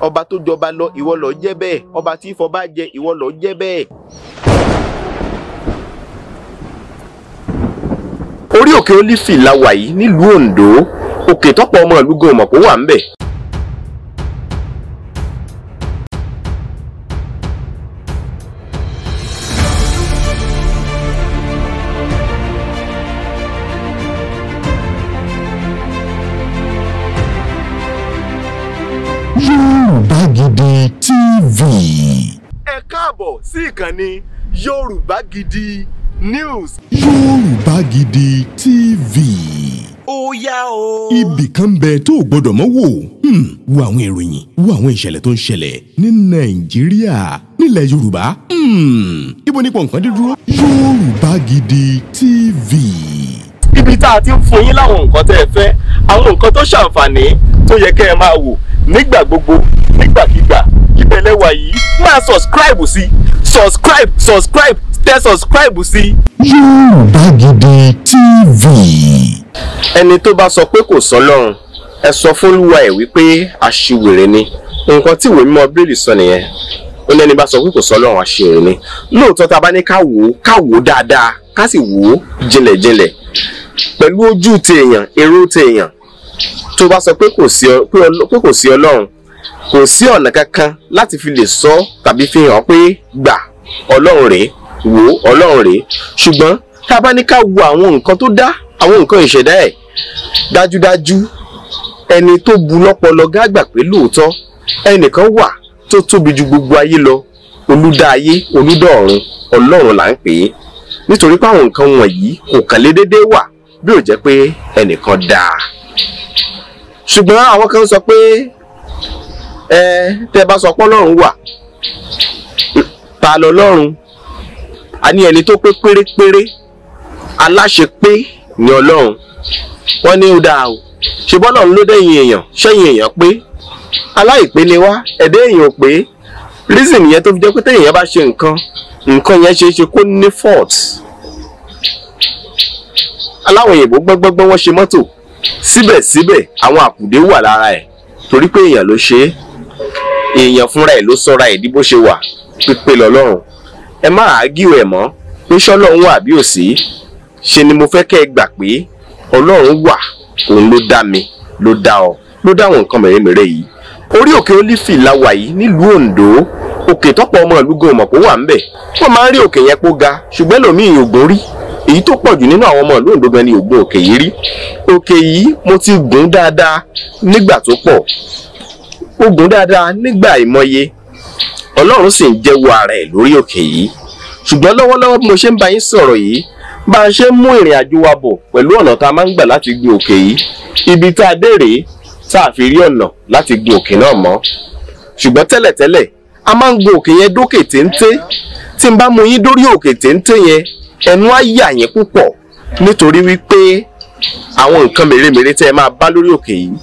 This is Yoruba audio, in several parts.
ọba tó jọba lọ ìwọ lọ jẹ bẹ́ẹ̀ ọba tí ìfọba jẹ ìwọ lọ jẹ bẹ́ẹ̀. orí òkè olífì la wà yìí nílùú Oǹdó òkè tọ́pọ̀ ọmọ ìlú gan mọ̀ kó wà ń bẹ̀. ìkànnì Yorùbá Gidi News. Yorùbá Gidi TV. ó yá o. ibì kan bẹ tó o gbọdọ̀ mọ́ wò hmm, wo àwọn ìròyìn wo àwọn ìṣẹ̀lẹ̀ tó ń ṣẹlẹ̀ ní Nàìjíríà nílẹ̀ Yorùbá hmm, ibo nípa nǹkan dídúró. Yorùbá Gidi TV. ibi tá a ti ń fún yín láwọn nǹkan tẹ́ ẹ fẹ́ àwọn nǹkan tó ṣàǹfààní tó yẹ kẹ́ ẹ máa wò nígbà gbogbo nígbàkigbà ìbẹ̀lẹ̀ wà yìí máa subscribe sí subscribe subscribe tẹ subscribe sí. Yorùbá Gidi TV. ẹni tó bá sọ pé kò sọ́lọ́run ẹ sọ fún olúwa ẹ wípé aṣiwèrè ni nǹkan tí ìwé mímọ́ bíbélì sọ nìyẹn ó lẹ́ni bá sọ pé kò sọ́lọ́run aṣiwèrè ni lóòótọ́ tá a bá ní ká wò ó ká wò ó dáadáa ká sì wò ó jinlẹ̀jinlẹ̀ pẹ̀lú ojú tèèyàn èrò tèèyàn tó bá sọ pé kò sí ọlọ́run kò sí ọ̀nà kankan láti fi lè sọ tàbí fi hàn pé gbà ọlọ́run rèé wò ọlọ́run rèé ṣùgbọ́n tá a bá ní ká wo àwọn nǹkan tó dá àwọn nǹkan ìṣẹ̀dá ẹ̀ dájúdájú ẹni tó bu lọ́pọlọ gágbà pé lóòótọ́ ẹnìkan wà tó tóbi ju gbogbo ayé lọ olúdá ayé olúdá ọ̀run ọlọ́run là ń pè é nítorí pé àwọn nǹkan wọ̀nyí kò kàn lé dédé wà bí ò jẹ́ pé ẹnìkan dáa ṣùgbọ́n àwọn kan sọ pé ẹ tẹ́ bá sọ pé ọlọ́run wà ta lọ́lọ́run a ní ẹni tó pé pérépéré aláṣẹ pé ní ọlọ́run wọ́n ní ó dáa o ṣe bọ́lọ́run ló dẹ̀yìn èèyàn ṣẹ́yìn èèyàn pé aláìpé ni wá ẹ̀dá èèyàn pé reason yẹn tó fi jẹ́ pé téèyàn bá ṣe nǹkan nǹkan yẹn ṣe é ṣe kó ní fault aláwọn òyìnbó gbọ́ngbọ́ngbọ́n wọ́n ṣe mọ́tò síbẹ̀síbẹ̀ àwọn àkùdé wà lára ẹ̀ torí pé èèyàn ló ṣe é èèyàn fúnra ẹ̀ ló sọra ẹ̀ di bó ṣe wà pípé lọ́lọ́run ẹ má àágìw ẹ̀ mọ́ pé ṣọ́lọ́run wà bí ò sí ṣe ni mo fẹ́ kẹ́ ẹ gbà pé ọlọ́run wà òun ló dá mi ló dá ọ ló dá àwọn nǹkan mèremère yìí orí òkè olífì la wà yìí nílùú Oǹdó òkè tọ́pọ̀ ọmọ ìlú gan mọ̀ pé wà ńbẹ̀ wọ́n máa ń rí òkè yẹn pó ga ṣùgbọ́n lòmíì ògùn rí èyí tó pọ̀ jù nínú àwọn ọmọ ìlú Oǹdó gan ni ògùn òkè yìí rí òkè yìí mo ti gùn dáadáa nígbà tó pọ̀ ó gùn dáadáa nígbà ìmọye ọlọ́run sì ń jẹ́wọ́ ara ẹ̀ lórí òkè yìí ṣùgbọ́n lọ́wọ́lọ́wọ́ bí mo ṣe ń bá yín sọ̀rọ̀ yìí bá a ṣe ń mú ìrìn àjò wa bọ̀ pẹ̀lú ọ̀nà tá a máa ń gbà láti gun òkè yìí ibi tá a dé rèé tá a fi rí ọ̀nà láti gun òkè náà mọ́ ṣùgbọ́n tẹ́lẹ̀tẹ́lẹ̀ a máa ń gun òkè yẹn dókè téńté tí n bá mú yín dórí òkè téńté yẹn ẹnu á yà yín púpọ̀ nítorí wípé àwọn nǹkan mèremère tẹ́ ẹ máa bá lórí òkè yìí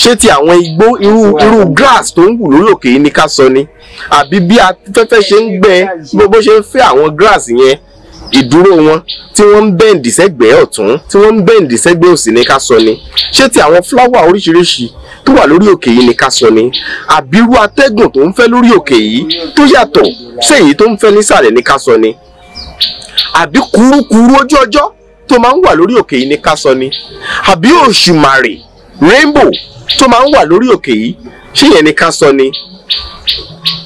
ṣé ti àwọn igbó irú irú grass tó ń wù lórí òkè yìí ni ká sọ ni àbí bí afẹ́fẹ́ ṣe ń gbẹ bó ṣe ń fẹ́ àwọn grass yẹn ìdúró wọn tí wọ́n ń bẹ́ǹdì sẹ́gbẹ̀ẹ́ ọ̀tún tí wọ́n ń bẹ́ǹdì sẹ́gbẹ̀ẹ́ òsì ni ká sọ ni ṣé ti àwọn fúláwà oríṣiríṣi tó wà lórí òkè yìí ni ká sọ ni àbírú atẹ́gùn tó ń fẹ́ lórí òkè yìí tó yàtọ̀ ṣé èyí tó ń fẹ́ nísàlẹ̀ ni ká sọ ni àbí kúrúkúrú ojú ọjọ́ tó máa ń wà lórí òkè yìí ni ká sọ ni àbí òṣùmàrè rainbow tó máa ń wà lórí òkè yìí ṣé yẹn ni ká sọ ni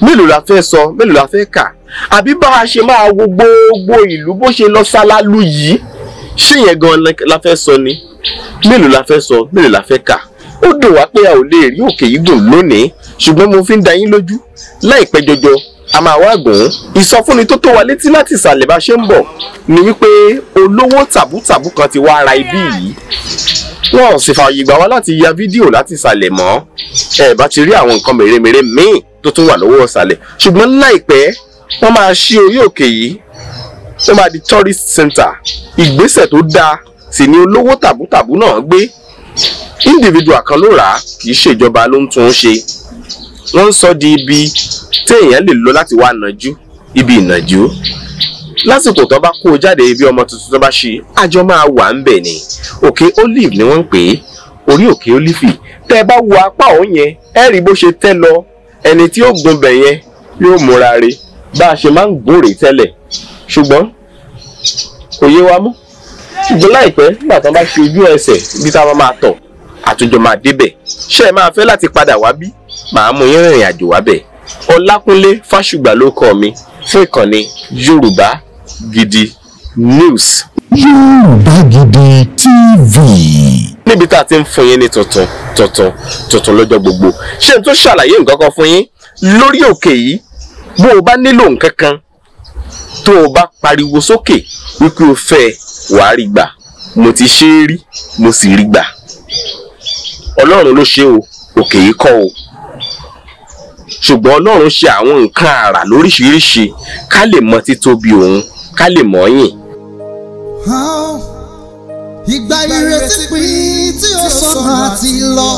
mélòó la fẹ́ sọ mélòó la fẹ́ kà àbí bá a ṣe máa wo gbogbo ìlú bó ṣe lọ sálálú yìí ṣé yẹn gan la fẹ́ sọ ni mélòó la fẹ́ sọ mélòó la fẹ́ kà ó dùn wá pé a ò lè rí òkè yìí gùn lónìí ṣùgbọ́n mo fi ń da yín lójú láìpẹ́ jọjọ a máa wá gùn. ìsọfúnni tó tó wa létí láti ìsàlẹ̀ bá ṣe ń bọ̀ ni wípé olówó tàbútàbú kan ti wá ra ibí yìí wọn ò sì fààyè gbà wá láti ya fídíò láti ìsàlẹ̀ mọ́ ẹ bá ti rí àwọn nǹkan mèremère míì tó tún wà lọ́wọ́ ìsàlẹ̀ ṣùgbọ́n láìpẹ́ wọ́n máa ṣí orí òkè yìí wọ́n máa di tourist center ìgbésẹ̀ tó dáa sì ni olówó tàbútàbú náà gbé individual kan ló rà á kì í ṣèjọba ló ń tún un ṣe wọ́n ń sọ di ibi tí èèyàn lè lọ láti wá nàjú ibi ìnàjú lásìkò tó bá kó o jáde ibi ọmọ tuntun tó bá ṣe àjọ máa wà ń bẹ̀ ni òkè olive ni wọ́n ń pè é orí òkè olífì tẹ́ ẹ bá wo apá òun yẹn ẹ rí bó ṣe tẹ́ lọ ẹni tí ó gun bẹ̀ yẹn yóò múra re bá a ṣe máa ń gbòòrè tẹ́lẹ̀ ṣùgbọ́n kò yé wa mọ́ ṣùgbọ́n láìpẹ́ nígbà tí bá ṣe ojú ẹsẹ̀ ibi tá a máa tọ̀ àtúnjọ máa débẹ̀ ṣé ẹ máa fẹ́ láti padà wá bí màá mú yín rìnrìn àjò wá bẹ́ẹ̀ Ọlákúnlé Fásùgbà ló kọ mi fún ìkànnì Yorùbá Gidi News. Yorùbá Gidi TV. níbi tá a ti ń fún yín ní tuntun tuntun tuntun lọ́jọ́ gbogbo ṣé n tó ṣàlàyé nǹkan kan fún yín lórí òkè yìí bó o bá nílò nǹkan kan tó o bá pariwo sókè wípé o fẹ́ wàá rí gbà mo ti ṣe é rí mo sì rí gbà ọlọ́run ló ṣe o òkè yìí kọ́ o ṣùgbọ́n ọlọ́run ṣe àwọn nǹkan àrà lóríṣiríṣi ká lè mọ títóbi òun ká lè mọ̀ yìn. ìgbà ìrètí pín tí ó sọnù àti lọ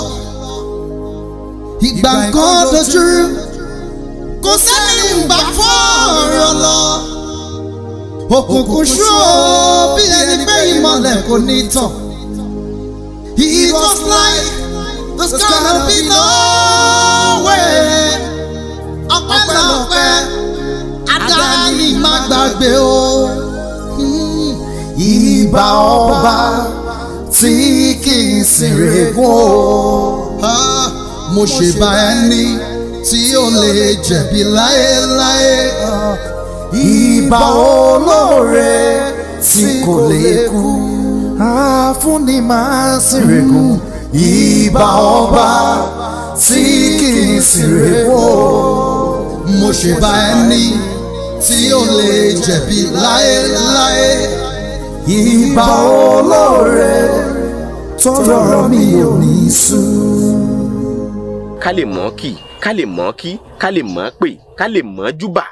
ìgbà nǹkan dojúrú kò sẹ́ni ìgbà fún ọ̀rọ̀ lọ òkùnkùn ṣú bí ẹni pé ìmọ̀lẹ̀ kò ní tàn. It was like there's gonna be no way ọpẹ́lọpẹ́ adarí má gbàgbé o ìbà ọba tí kì í sìnrègùn o mo ṣèbà ẹni tí ó lè jẹ̀bi láéláé ìbà olóore tí kò lè kú àfúnni máa sìnrègùn ìbà ọba tí kì í sìnrègùn o mo ṣe bá ẹni tí ó lè jẹ̀bi láéláé. ìbà olóore tó rọrọ mi ò ní sú. ká lè mọ̀ kí ká lè mọ̀ kí ká lè mọ̀ pé ká lè mọ̀ júbà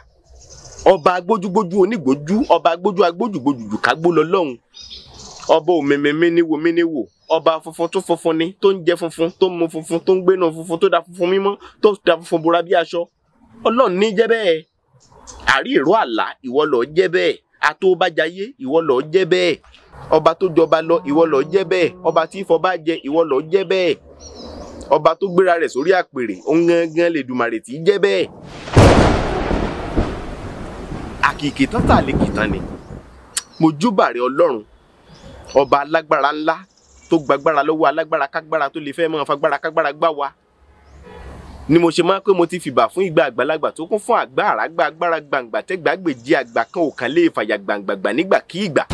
ọba agbójúgbójú onígbójú ọba agbójú agbójúgbójú kágbó lọ lọ́hùn ọba òmìnirí níwò mí níwò ọba funfun tó funfun ni tó ń jẹ funfun tó ń mu funfun tó ń gbénu funfun tó da funfun mímọ́ tó da funfun bora bí aṣọ ọlọ́run ní jẹ́ bẹ́ẹ̀ àrí ìró àlà ìwọ lọ jẹ́ bẹ́ẹ̀ àtòbájayé ìwọ lọ jẹ́ bẹ́ẹ̀ ọba tó jọba lọ ìwọ lọ jẹ́ bẹ́ẹ̀ ọba tí ìfọba jẹ ìwọ lọ jẹ́ bẹ́ẹ̀ ọba tó gbéra rẹ̀ sórí àpèrè òun gangan lè dùmàrè tí jẹ́ bẹ́ẹ̀. àkìkì tán tà lè kìtàn ni mo júbàrẹ ọlọ́run ọba alágbára ńlá tó gbagbára lọ́wọ́ alágbára kágbára tó lè fẹ́ mọ́ fagbára kágbára gbá wa ni mo ṣe máa pé mo ti fìbà fún ìgbà àgbàlagbà tó kún fún àgbà àràgbà agbára gbàǹgbà tẹgbàgbèjì àgbà kan ò kàn lè fàyà gbàǹgbàgbà nígbà kí ìgbà.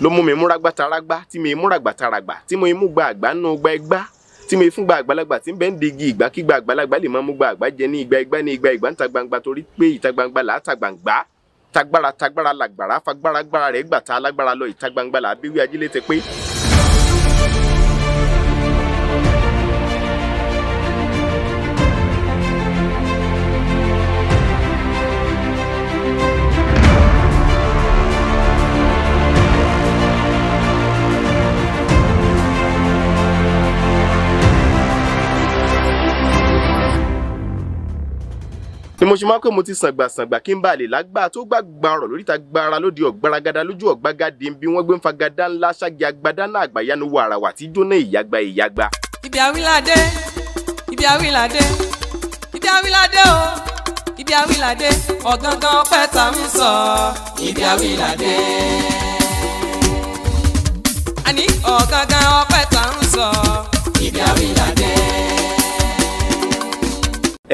ló mú mi múra gbàtàràgbà tí mi múra gbàtàràgbà tí mo mú gba àgbà nù gba ẹgbá tí mo fún àgbàlagbà tí ń bẹ́ ń digi ìgbà kí gba àgbàlagbà lè máa mú gba àgbà jẹ ní ìgbà ìgbà ní ìgbà ìgbà ń gbangba torí pé ìta gbangba là á ta gbangba tagbára tagbára làgbàrá fagbára gbára rẹ̀ gbàtà alágbára lọ ìta gbangba là á bí wí ajílẹ̀ tẹ pé ni mo ṣe máa ń pè mo ti sàngbà sàngbà kí n bá lè lágbà tó gbàgbà ọ̀rọ̀ lóríta gbára lóde ọ̀gbaragada lójú ọ̀gbágadé bí wọ́n gbé ń fagada ńlá ṣáàgì agbada náà àgbàyanu wo àràwà tí jóná ìyàgbá ìyàgbá. ibi àwíládé ibi àwíládé ibi àwíládé o ibi àwíládé ọ̀gángan ọpẹ́ ta ń sọ ibi àwíládé. àní ọ̀gángan ọpẹ́ ta ń sọ ibi àwíládé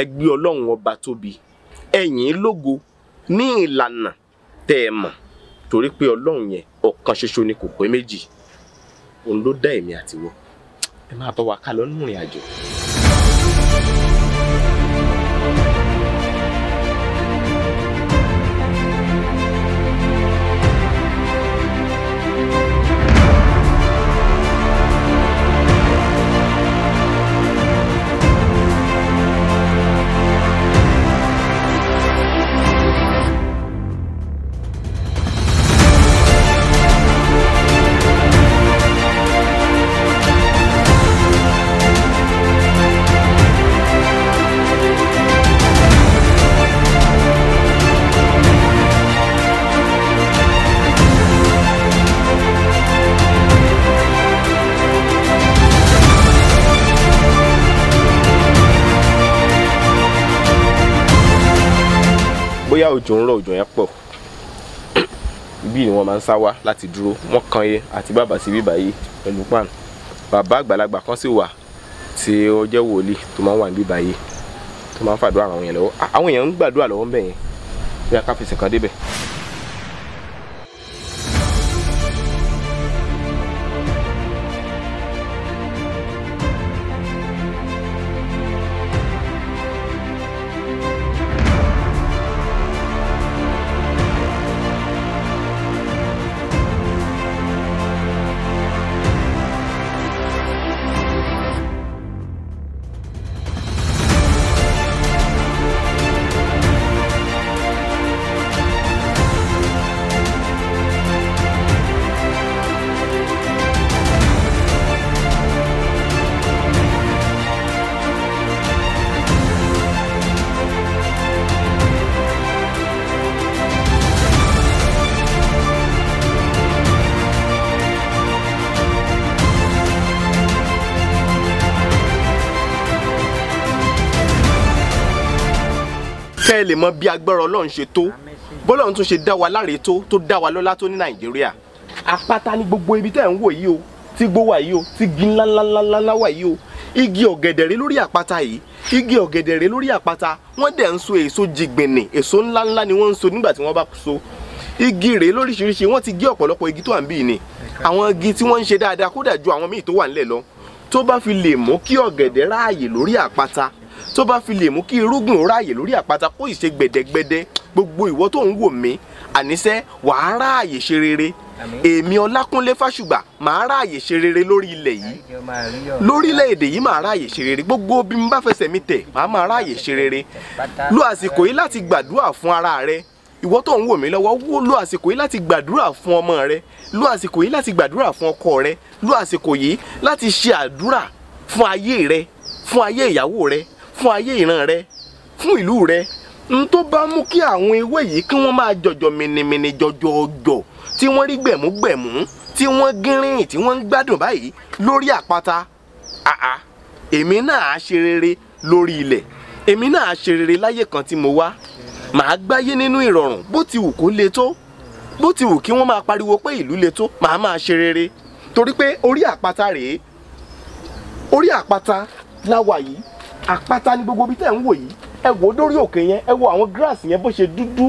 ẹ gbé ọlọ́run ọba tóbi ẹ̀yìn lógo ní ìlànà tẹ́ ẹ mọ̀ torí pé ọlọ́run yẹn ọ̀kan ṣoṣo ni kò pé méjì òun ló dá èmi àtiwọ́ ẹ máa bá wa ká lọ ìrìn àjò. bóyá òjò ń rọ̀ òjò yẹn pọ̀ ibi ni wọ́n máa ń sá wá láti dúró wọ́n kan yé àti bàbá sí bíbá yìí pẹ̀lú pan bàbá àgbàlagbà kan sì wà tí ó jẹ́ wòlíì tó máa ń wà ní bíbá yìí tó máa ń fàdúrà àwọn èèyàn lọ́wọ́ àwọn èèyàn ń gbàdúrà lọ́wọ́ ń bẹ̀ yẹn bí a ká fẹsẹ̀ kan débẹ̀. ẹ lè mọ bí agbára ọlọ́run ṣe tó bọ́lọ́run tún ṣe dá wa láre tó tó dá wa lọ́lá tó ní nàìjíríà àpáta ní gbogbo ibi tẹ́ ń wò yìí o tí gbó wà yìí o tí gi ńláńláńláńlá wà yìí o igi ọ̀gẹ̀dẹ̀ rẹ lórí àpáta yìí igi ọ̀gẹ̀dẹ̀ rẹ lórí àpáta wọ́n dẹ̀ ń so èso jìgbìnì èso ńláńlá ni wọ́n ń so nígbà tí wọ́n bá so igi rèé lóríṣiríṣi wọ́n ti gé ọ̀pọ̀lọpọ̀ igi tó à ń bì ní àwọn igi tí wọ́n ń ṣe dáadáa kódà ju àwọn míì tó wà ńlẹ̀ lọ tó bá fi lè mú kí ọ̀gẹ̀dẹ̀ ráàyè lórí àpáta tó bá fi lè mú kí irúgbìn ráàyè lórí àpáta kó ìṣe gbẹ̀dẹ̀gbẹ̀dẹ̀ gbogbo ìwọ tó ń wò mí àníṣe wàá ráàyè ṣe rere èmi ọlákúnlé fásùgbà màá ráàyè ṣe rere lórí ilẹ̀ yìí lórílẹ̀‐èdè yìí màá ráàyè ṣe rere gbogbo bí mo bá fẹsẹ̀ mi tẹ̀ màá máa ráàyè ṣe rere lo àsìkò yìí láti gbàdúrà fún ara rẹ ìwọ tó ń wò mí lọ́wọ́ wó lo àsìkò yìí láti gbàdúrà fún ọmọ rẹ lo àsìkò yìí láti gbàdúrà fún ọkọ rẹ lo àsìkò yìí láti ṣe àdúrà fún ayé rẹ fún ayé ìyàwó rẹ fún ayé ìran rẹ fún ìlú rẹ n tó bá mú kí àwọn ewé yìí kí wọ́n máa jọjọ mìnìmìnì jọjọjọ tí wọ́n rí gbẹ̀múgbẹ̀mú tí wọ́n gírìn tí wọ́n ń gbádùn báyìí lórí àpáta àá èmi náà á ṣe rere lórí ilẹ̀ èmi náà á ṣe rere láyé kan tí mo wá màá gbáyé nínú ìrọ̀rùn bó ti wù kó le tó bó ti wù kí wọ́n máa pariwo pé ìlú le tó màá máa ṣe rere torí pé orí àpáta rèé orí àpáta láwa yìí àpáta ní gbogbo ibi tẹ́ ń wò yìí ẹ wò ó dórí òkè yẹn ẹ wo àwọn grass yẹn bó ṣe dúdú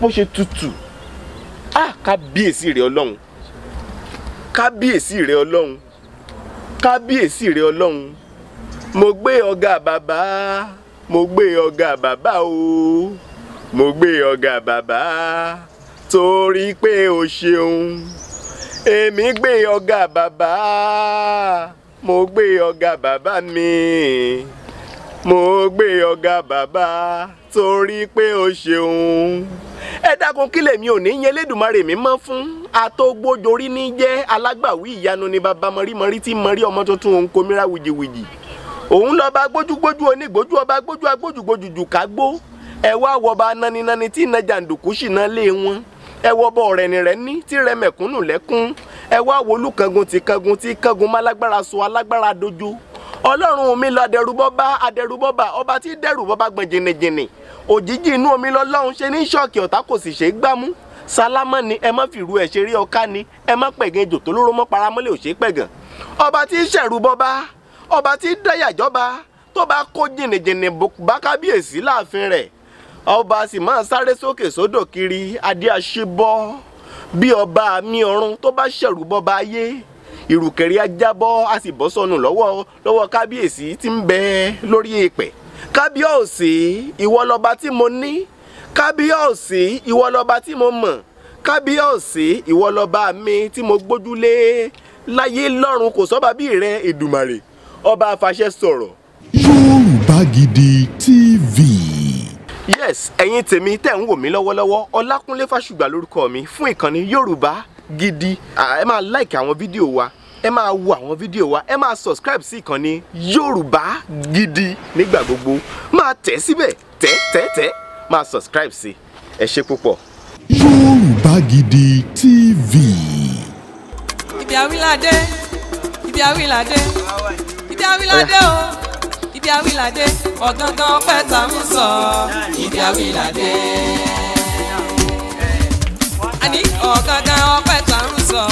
bó ṣe tutù ah kábíyèsí rẹ ọlọ́run kábíyèsí rẹ ọlọ́run kábíyèsí rẹ ọlọ́run mo gbé ọ̀gá bàbá mo gbé ọ̀gá bàbá o mo gbé ọ̀gá bàbá torí pé o ṣeun èmi gbé ọ̀gá bàbá mo gbé ọ̀gá bàbá mi mo gbé ọ̀gá bàbá torí pé o ṣeun. ẹ dákun kí lèmi ò ní yẹn lẹ́dùnmarè mi mọ́ fún atógbójorí ní jẹ́ alágbàwí ìyanu ni bàbá mọ̀rímọ̀rí tí mọ̀rí ọmọ tuntun òun komira wìjìwìjì. òun lọ́ba gbójúgbójú onígbójú ọba gbójú agbójúgbójú jù kágbó ẹ wá wọba naninani tí iná jàǹdùkú sì ná lé wọn ẹ wọbọ rẹni rẹni tí rẹ mẹ̀kúnnù lẹ́kún ẹ wá wọlú kangun tí kangun tí kangun málágbára sọ alágbára dojú ọlọ́run mi lọ adẹrùbọ́bá adẹrùbọ́bá ọba tí dẹrùbọ́bá gbọ̀n jìnnìjìnnì òjijì inú omi lọ́lọ́run ṣe ní ṣọ́ọ̀kì ọ̀tá kò sì ṣe é gbámú sálámọ́ ni ẹ má fìrú ẹ̀ ṣe rí ọká ni ẹ má pẹ̀gàn jò tó lóró mọ́ paramọ́lẹ̀ ò ṣe é pẹ̀gàn ọba tí ṣẹ̀rùbọ́bá ọba tí dáyàjọba tó bá kó jìnnìjìnnì bá kábíyèsí láàfin rẹ̀ ọba sì máa sáré sókè sódò kiri adé àṣebọ́ bí ọba mi ọ̀run tó bá ṣẹ̀rùbọ́bá ayé ìrùkẹ̀rẹ̀ ajábọ́ a sì bọ́ sọnù lọ́wọ́ lọ́wọ́ kábíyèsí tí ń bẹ lórí èèpẹ̀ kábíyèsí ìwọ lọba tí mo ní kábíyèsí ìwọ tí mo mọ̀ kábíyèsí ìwọ mi tí mo gbójúlé láyé lọ́run kò sọ́ba bí rẹ Èdùmàrè ọba afàṣẹ sọ̀rọ̀. Yorùbá Gidi TV. yes ẹ̀yin tèmi tẹ̀ ń wò mí lọ́wọ́lọ́wọ́ Ọlákúnlé Fásùgbà lórúkọ mi fún ìkànnì Yorùbá gidi ẹ máa like àwọn fídíò wa ẹ máa wo àwọn fídíò wa ẹ máa subscribe sí ìkànnì Yorùbá Gidi nígbà gbogbo máa tẹ̀ síbẹ̀ tẹ̀ tẹ̀ tẹ̀ máa subscribe sí ẹ ṣe púpọ̀. Yorùbá Gidi TV. ibi àwílàdé ibi àwílàdé ibi àwílàdé o ibi àwílàdé ọ̀gángan ọpẹ́ tá a ń sọ ibi àwílàdé àní ọ̀gángan ọpẹ́ tó ń sọ.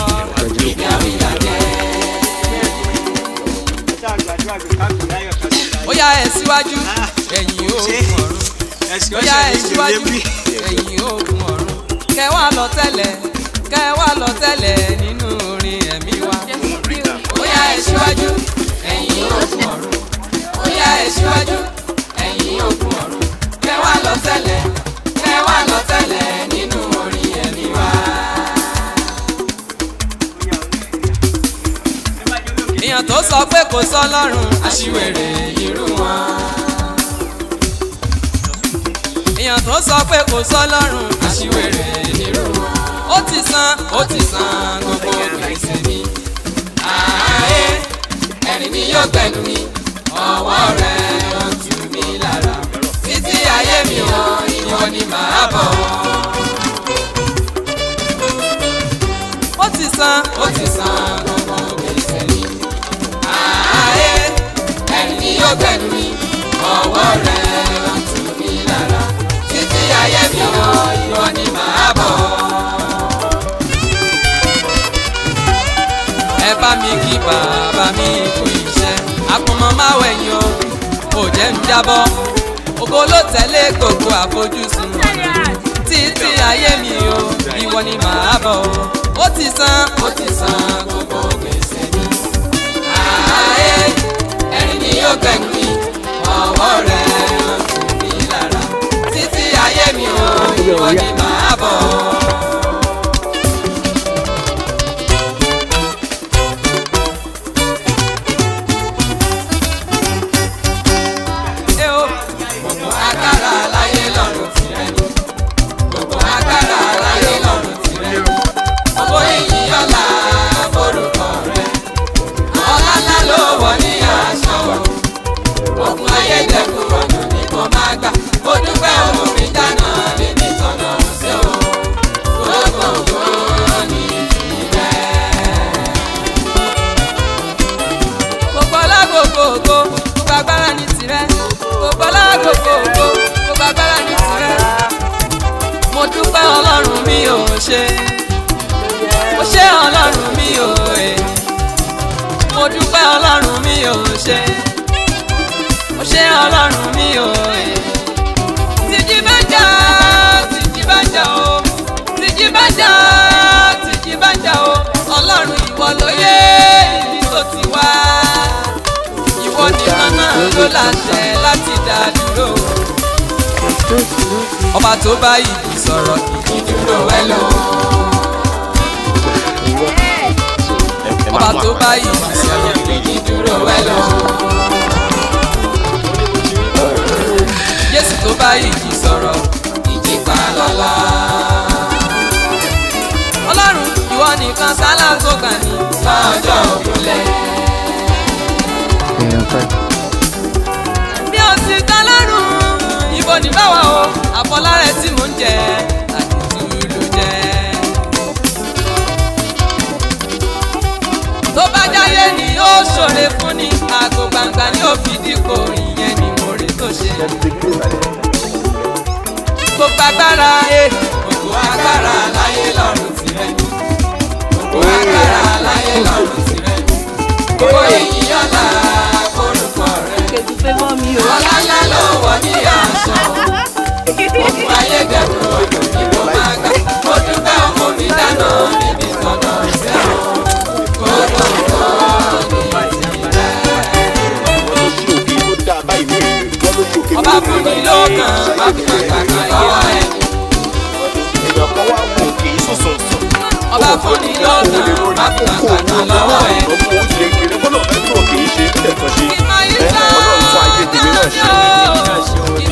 ó yá ẹ síwájú ẹ̀yìn oògùn ọ̀run ó yá ẹ síwájú ẹ̀yìn oògùn ọ̀run kẹ wá lọ tẹ́lẹ̀ kẹ wá lọ tẹ́lẹ̀ nínú orin ẹ̀mí wa ó yá ẹ síwájú ẹ̀yìn oògùn ọ̀run ó yá ẹ síwájú ẹ̀yìn oògùn ọ̀run kẹ wá lọ tẹ́lẹ̀ kẹ wá lọ tẹ́lẹ̀. èèyàn tó sọ pé kò sọ́lọ́run aṣiwèrè irú wọn. èèyàn tó sọ pé kò sọ́lọ́run aṣiwèrè irú wọn. ó ti san ó ti san gbogbo gbèsè mi. ààyè ẹni ni yóò gbẹ̀dùn mi. kí bàbá mi kò ṣiṣẹ́ àpọ̀mọ́ máa wẹ̀yìn o kò jẹ́ ń jábọ́ ògo ló tẹ̀lé gbogbo àfojúsùn títí ayé mi o ìwọ ni màá bọ̀ ó ti san ó ti san gbogbo gbèsè mi. ààyè ẹni ni yóò gbẹ̀gbìn ọwọ́ rẹ̀ hàn sí mi lára títí ayé mi o ìwọ ni màá bọ̀ láṣẹ láti dá dúró. ọba tó bá ìbí sọ̀rọ̀ ìbí dúró ẹ lò. ọba tó bá ìbí sọ̀rọ̀ ìbí dúró ẹ lò. Jésù tó bá ìjì sọ̀rọ̀ ìjì pa lọ́la. Ọlọ́run ìwọ nìkan sálà tó kàn ní. lọ́jọ́ òkúlẹ̀. èèyàn fẹ́. ògo ní báwa o àfọlárẹ tí mò ń jẹ àtúntò ló jẹ. tó bá jáde ni ó ṣòre fún ni àgò gbangba ni ó fi dípò ìyẹn ni mo rí tó ṣe. gbogbo agbára eh, gbogbo agbára láyé lọ́run tirẹ̀ gbogbo agbára láyé lọ́run tirẹ̀ gbogbo èyí ọ̀la o. ọ̀la ńlá ló wọ̀ ní máa gbà. mo dúpẹ́ mi dáná níbi sọ́dọ̀ ṣẹ́ o. kó tó tọ́ ní ìlẹ̀. ọba fún mi lọ́kàn bá fi kàkà lọ́wọ́ ẹ̀. ìyọ̀kọ́ wa wò kì í sùn sùn sùn. ọba fún mi lọ́kàn bá fi kàkà lọ́wọ́ ẹ̀. ọmọ òun ti lè kéré bọ́lọ̀ bẹ́ẹ̀ tó kì í ṣe é tẹ̀kọ̀ 兄弟，兄弟。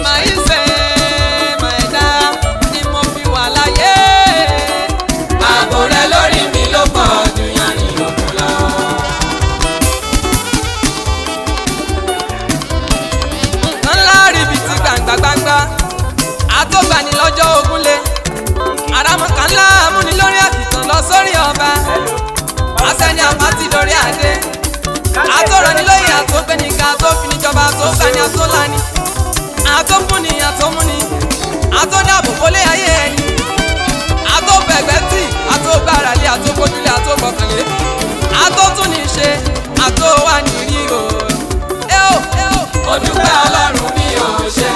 àtọ́ka ni àtọ́lá ni àtọ́múni àtọ́múni àtọ́dàbò kólé ayé ẹni àtọ́bẹ̀gbẹ́ tì àtọ́gbáralé àtọ́kójúlé àtọ́gbọ̀kànlé àtọ́túni ṣe àtọ́wá nìrí o. ẹ o mo dúpẹ́ ọlọ́run mi ò ṣe.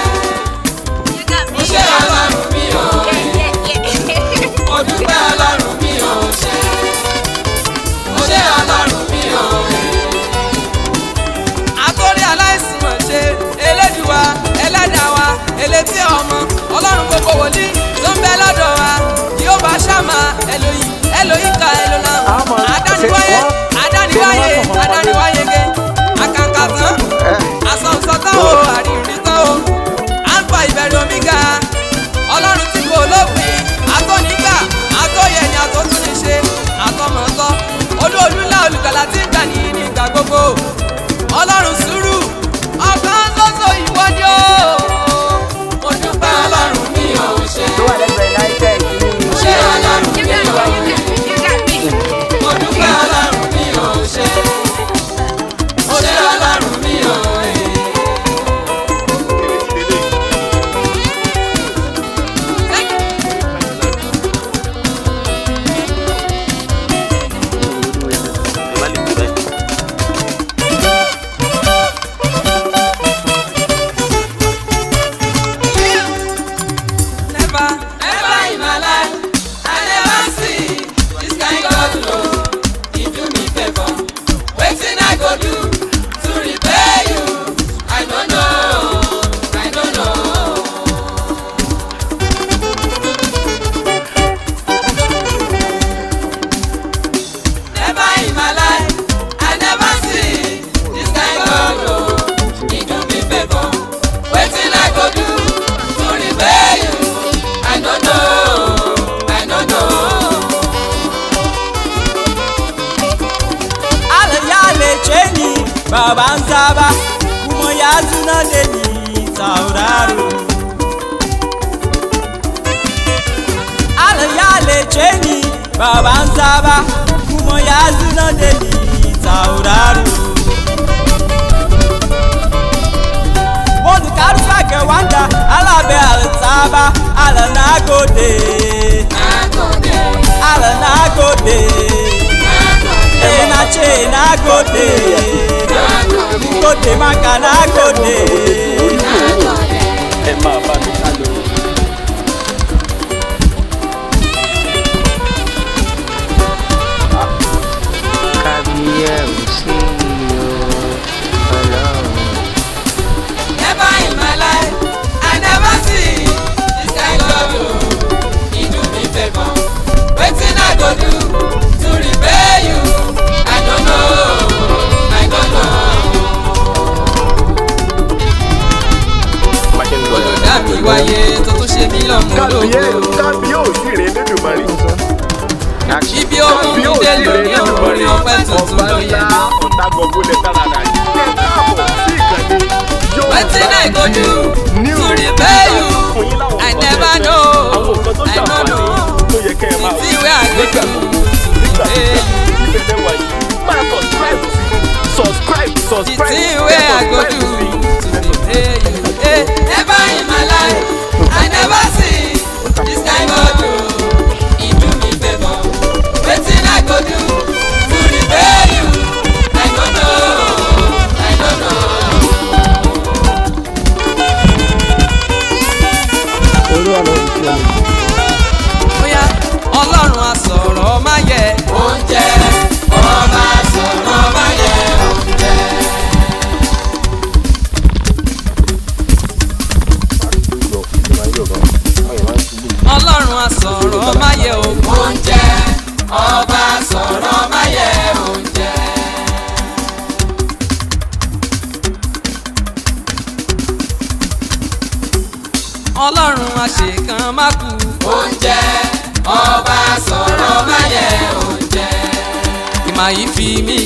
gbogbo wòlíì tó ń bẹ lọ́dọ̀ wa yóò bá ṣàmà ẹlòyìn ẹlòyìn ká ẹlòlá àdániwáyé àdániwáyé àdániwáyé ge àkàǹkà tán eh. àsọ̀nsọ̀ tán ò àrírí. Alanagode. Nagode. Alanagode. Nagode. Enache Nagode. Nagode. Kote Makanagode. Nagode.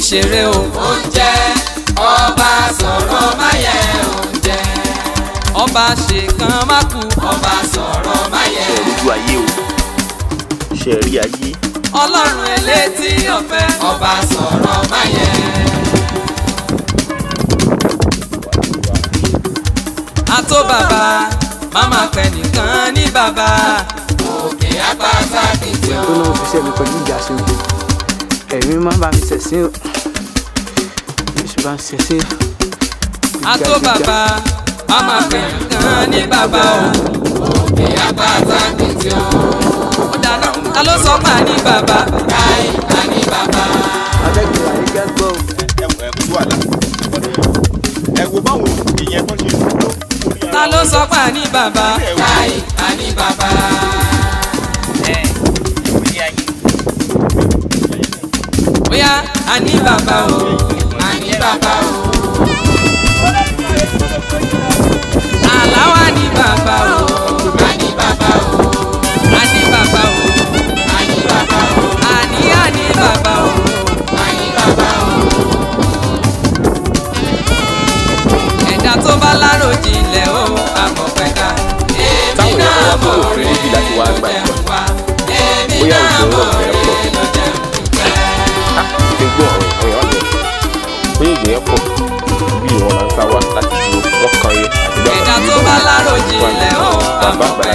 ṣeré o. oúnjẹ ọba sọ̀rọ̀ máyẹ oúnjẹ. ọba ṣe kan má kú. ọba sọ̀rọ̀ máyẹ. ṣe ojú ayé o ṣe rí ayé. ọlọ́run elétí ọ̀fẹ́. ọba sọ̀rọ̀ máyẹ. àtó bàbá màmá pẹ̀ nìkan ní bàbá òkè àgbà sábìtì ọ̀. ẹgbẹ́ náà fi ṣẹ́ni pẹ̀lú ìjà ṣe ń gbé ẹ̀mí má bá mi ṣẹ̀sìn bá ń ṣẹṣẹ. àtó bàbá a máa fẹ́ gan ní bàbá o òkè àgbà sáàkì tí ó. ó dáná ta ló sọ máa ní bàbá. káì ká ní bàbá. abẹ́kẹ̀ wà ní gẹ́gbọ́. ẹ wọ ẹ tú àlá ẹ wo báwo ìyẹn kọ́ ni ta ló sọ pé àní bàbá. káì àní bàbá. bóyá àní bàbá o ní bàbá o. Àlàwà ní bàbá o.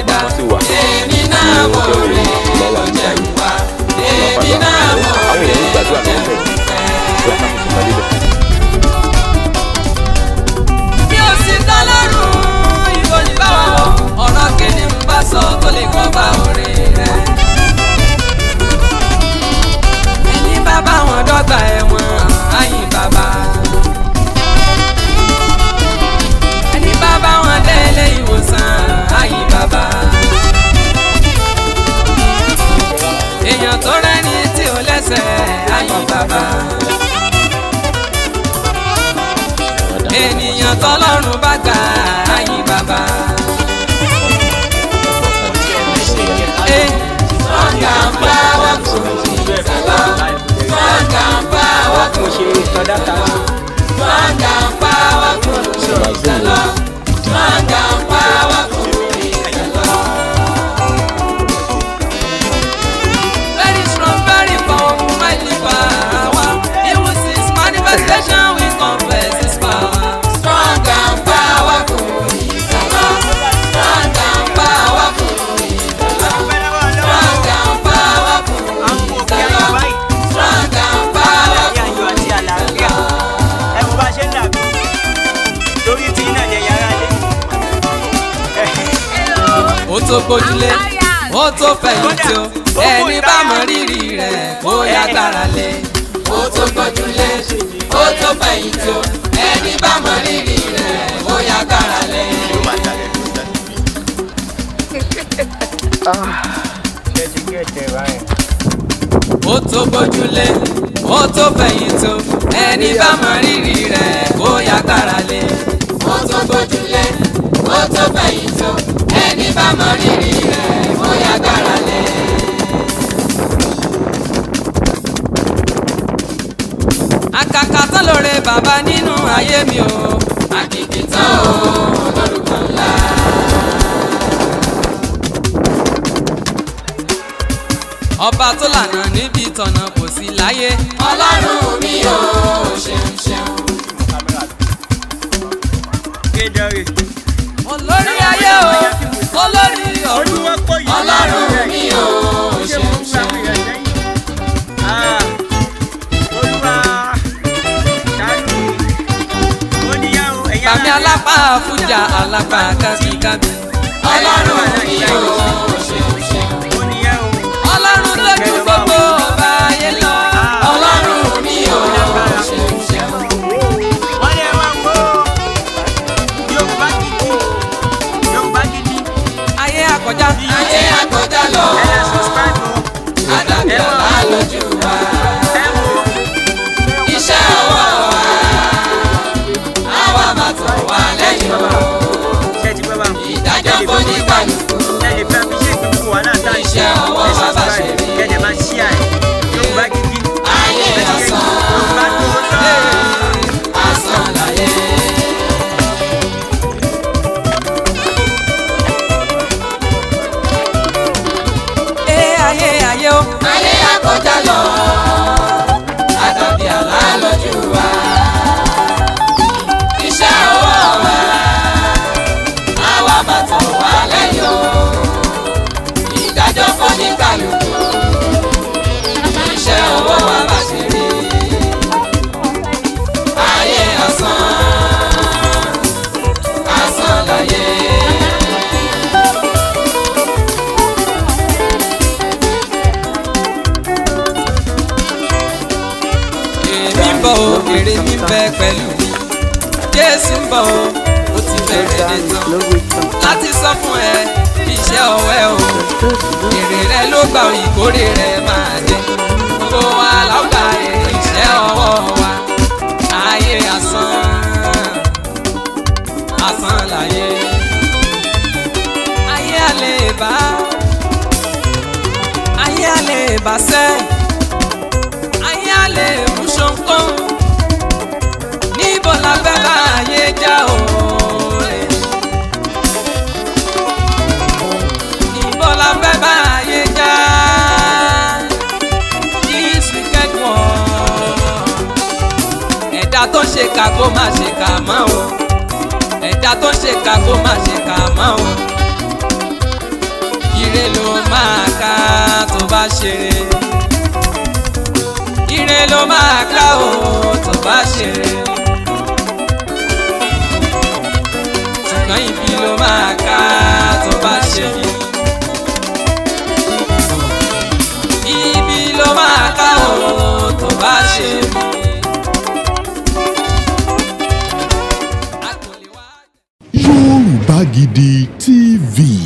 No. lẹ́sẹ̀ ayọ̀ bàbá. ènìyàn tọ́lọ́run bá gbà ayọ̀ bàbá. sọ́ńgà ń bá wà kò sábà sọ́ńgà ń bá wà kò sábà sọ́ńgà ń bá wà kò sábà. tó gbójúlé ó tó fẹ̀yìntì o ẹni bá mọ rírì rẹ̀ kó yá gbára lé ó tó gbójúlé ó tó fẹ̀yìntì o ẹni bá mọ rírì rẹ̀ kó yá gbára lé. ó tó gbójúlé ó tó fẹ̀yìntì o ẹni bá mọ rírì rẹ̀ kó yá gbára lé ó tó gbójúlé ó tó fẹ̀yìntì o ẹni bá mọ rírì rẹ̀ bóyá gbára lẹ̀. àkàkà tó lóore bàbá nínú ayé mi o. àkìkìtàn o lórúkọ ńlá. ọba tó lànà níbi tọ̀nà kò sí láyé. ọlọ́run mi ò ṣeun ṣeun. olórí ayé o olórí òru ọlọ́run mi ò ṣe ń ṣe. Ah, Bàmí alápá fújà alápá kábíkábí. Ọlọ́run mi ò. Lord. bọ̀ o ó ti bẹ̀rẹ̀ dé tán láti sọ fún ẹ iṣẹ́ ọ̀wẹ́ o èrè rẹ ló gbà ìkórè rẹ máa dé gbogbo wa láwùgbà èrè iṣẹ́ ọwọ́ wa ayé asán asán láyé ayé àlè bá ayé àlè bá sẹ́ẹ̀. ẹ̀dá tó ṣe kà kó má ṣe kà mọ́ o ẹ̀dá tó ṣe kà kó má ṣe kà mọ́ o ire ló máa ká tó bá ṣeré ire ló máa ká o tó bá ṣeré ṣùgbọ́n ibi ló máa ká tó bá ṣeré. Rugby TV.